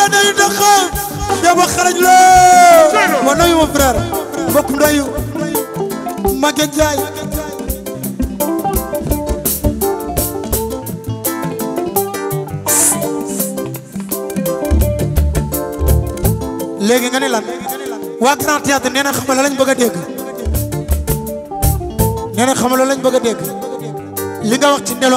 leen dañu dëkk Demba xarañ loo ma nuyu ma frère mbokk ndeyu léegi nga ne lan waa Grand Théâtre nee na xam la lañ bëgg a xam la lañ bëgg li nga wax ci ndelo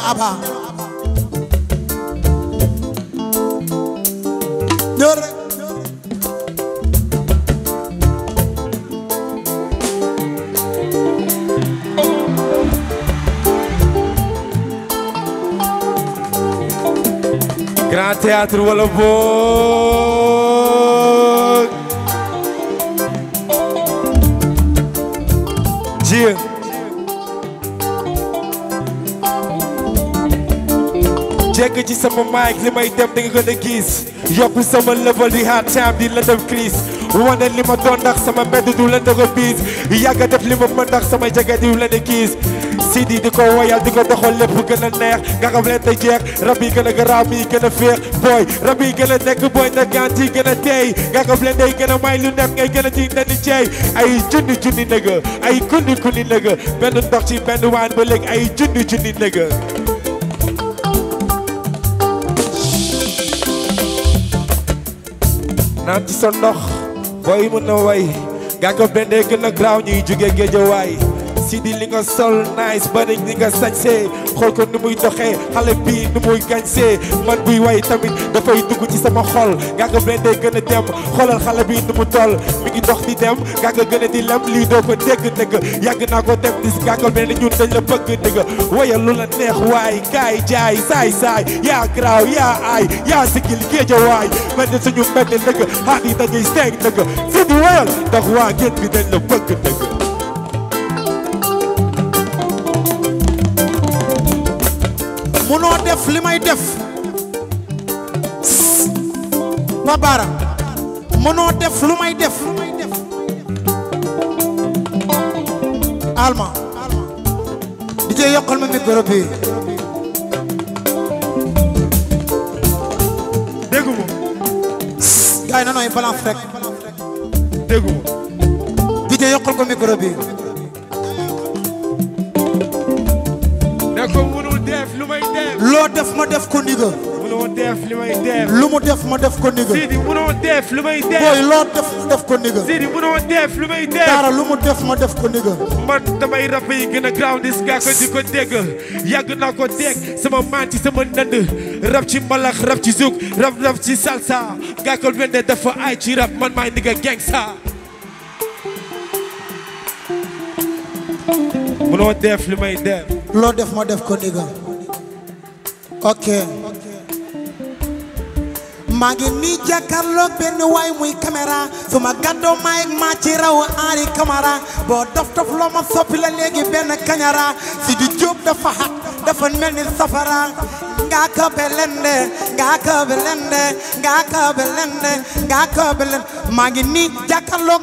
grand théâtre wala boog jiye jekk ci sama mic li may dem di nga gën a gis sama level di hard time di lëndëm crise wane li ma doon ndax sama mbedd du lëndëm biis yàgga def li ma mën ndax samay jege di lëndëm kiis Sidi di ko woyal di ko doxal lépp gën a neex nga xam ne te jeex rab yi gën a garaaw mi gën a féex booy rab yi gën a nekk booy na gant yi gën a teey nga xam ne day gën a may lu nekk ngay gën a ci dandi ceey a junni junni nëga ay ba léegi ay junni naan ci sa ndox booy mën na way nga ko bendee gën a garaaw ñuy jóge géejawaay ci Sidi li nga sol nice bari di ga sañsee xool ko nu muy doxee xale bi nu muy gañsee man buy way tamit dafay dugg ci sama xol nga nga blende gën a dem xoolal xale bi nu mu toll mi ngi dox di dem nga gën a di lem lii doo ko dégg dëgg yàgg naa ko dem dis nga nga blende ñun dañ la bëgg a wayal lu la neex waay kaay jaay saay saay yaa graaw yaa aay yaa sigil a waay mel a suñu mbedd dëgg xaar yi wayal ndax waa géej bi dañ la bëgg dëgg def li may def Pa Bara mënoo def lu may def alma di jee yokkal ma micro bi na nooy balance rek dégguma di jee yokkal ko def ma def ko ndiga. munoo def li may def. lu mu def ma def ko ndiga. Sidi munoo def li may def. booy loo def def ko ndiga. Sidi munoo def may def. dara lu mu def ma def ko ndiga. man damay rap yi gën a graaw dis nga ko di ko yàgg naa ko dégg sama maan ci sama ndënd rap ci mbalax rap ci zouk rap rap ci salsa nga ko dafa ay ci rap man maay ndiga gangsta. munoo def li may def. loo def ma def ko ndiga. ok maa ngi nii jàkkaarloog benn waay muy caméra su ma gàddoo maay ma ci raw Henri Camara boo dof dof loo soppi la léegi benn kañara Sidi Diop dafa xat dafa mel ni safara ngaa ko belende ngaa ko maa ngi nii jàkkaarloog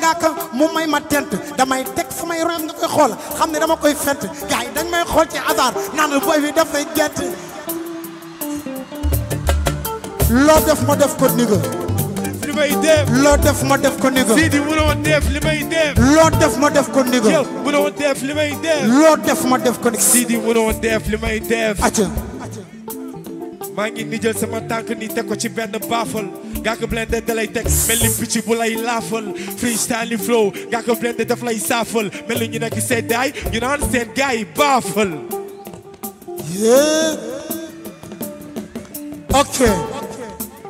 nga ko mu may ma tent damay teg samay royam nga koy xool xam ne dama koy fent gars yi dañ may xool ci hasard naan booy bi dafay gett loo def ma def ko niga li may def loo def ma def ko niga Sidi mënoo li may def loo def ma def ko niga yow mënoo def li may def def ma def ko niga Sidi li may def acca maa ngi ni jël sama tànk ni teg ko ci benn baafal Ngaaka Blindé da lay teg mel ni picc bu lay laafal freestyle flow Ngaaka Blindé daf lay saafal mel i ñu nekk seen daay ñu naan seen gaay baafal.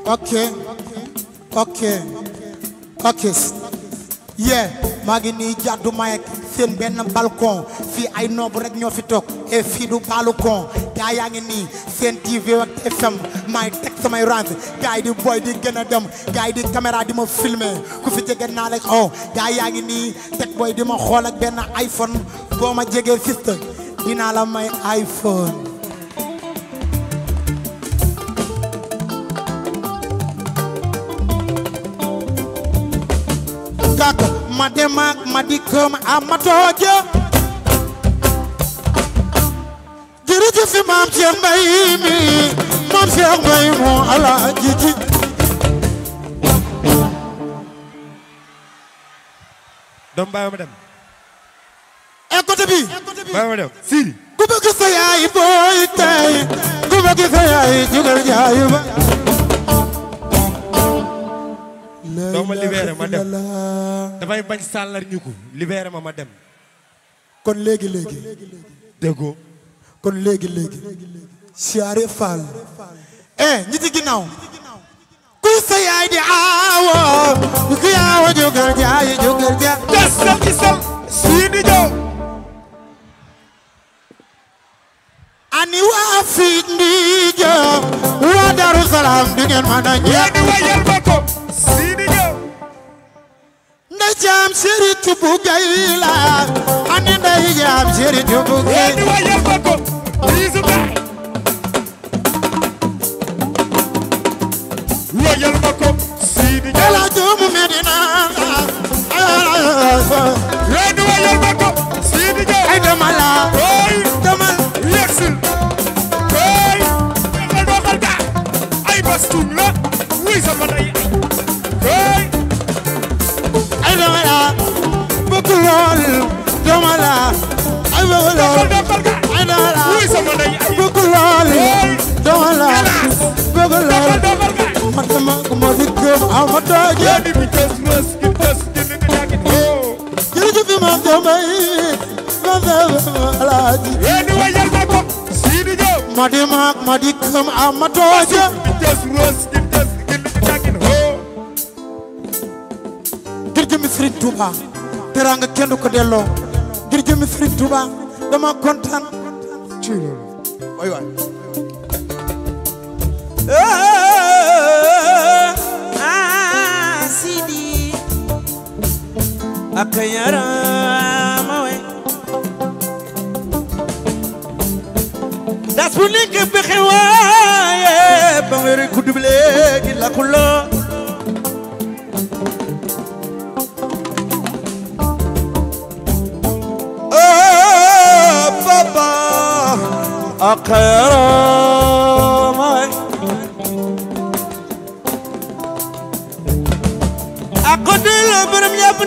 okay okay okay maa ngi nii jàddu mayek seen benn balcon fii ay noobu rek ñoo fi toog et fii du gaa yaa ngi nii seen TV ak FM maay teg samay rang gaa yi di boy di gën a dem gaa yi di caméra di ma filmer ku fi jege naa la oh. dinaa la may iPhone gàkk ma dem ak ma dikk ma amatooja e booy doo ma libéré ma dem dafay bañ sàllar ñu ko libéré ma ma dem. kon léegi léegi. déggoo. kon léegi léegi. siyaare Fall. eh ñi ci ginnaaw. ku sa yaay di aawoo. ñu ko yaawoo jógal jaay jógal jaay. gasal gisal. sii di jow. ani waa fii di jow. waa Darou Salaam di ngeen mën a ñëw. yaa di wayal boppam. jaam sëriñ tubu gay la ane nday jaam sëriñ tubu gay wayal ma ko siidi jaam la doomu medina ay ay ay aw ma tooje yaa bi tës mës ki ma ma alaaji yaa di wayal ma ko Sidi ma di maak ma di këm aw ma tooje bi tës mës ki tës ko delloo ngir jëmi Serigne dama kontaan ak yaraama we das bu nekk pexe waaye ba weeri ku dub léegi la ku loo oo oh, papa ak yaraama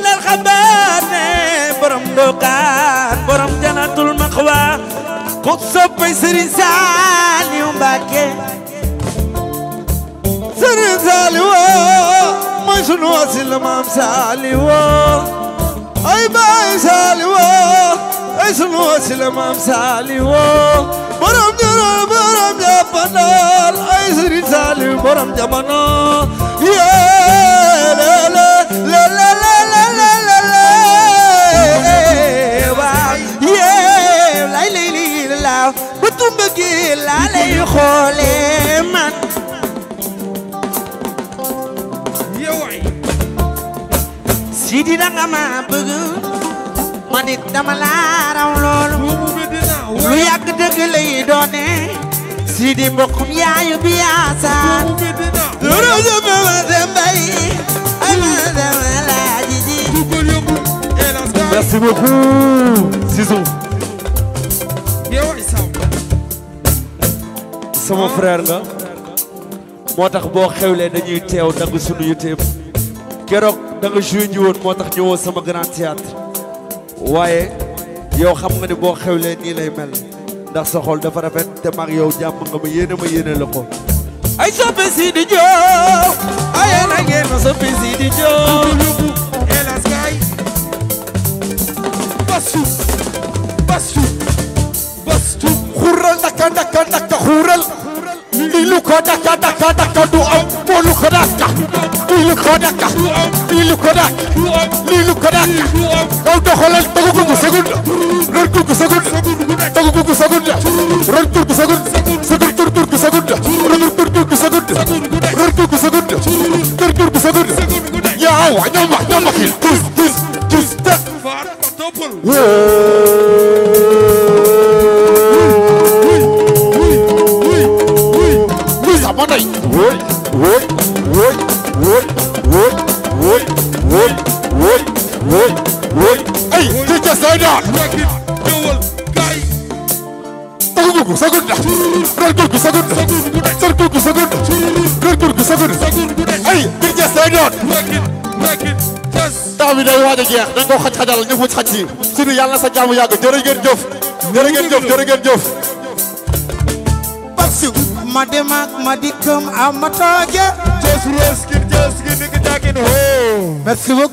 nal xabaar ne borom dokaan borom ku soppay Serigne Saliou Mbacké Serigne Saliou mooy wasila maam Saliou ay baay Saliou ay sunu wasila maam Saliou borom jara borom japanal ay Serigne Saliou borom jamano yee lele lele dama bëgg ma nit dama laa raw loolu lu yàgg dëgg lay doone Sidi mbokkum yaayu bi yaasaan lu rajo ma ma dembay ay dama laa jiji merci beaucoup Zizou sama frère nga moo tax boo xewlee dañuy teew nangu suñu yu keroog da nga joué moo tax ñëwoo sama grand théâtre waaye yow xam nga ne xew xewlee nii lay mel ndax sa xol dafa rafet te mag yow jàmm nga ma yéene ma yéene la ko ay soppe si di jow ay na ngeen koo dàqa lii lu ko dàq lii lu ko dàq daw doxalal tegu ko seconde lor ko seconde lay doon. tax bi day waaj a jeex dañ ko xaj xajal ñu fuj xaj si. sunu yàlla na sa jaamu yàgg jërë ngeen jëf. jërë ngeen jëf jërë ngeen jëf. Babsu. ma dem ak ma dikkam ma tooje. Jës Rose kii Jës kii ni ko jàkkee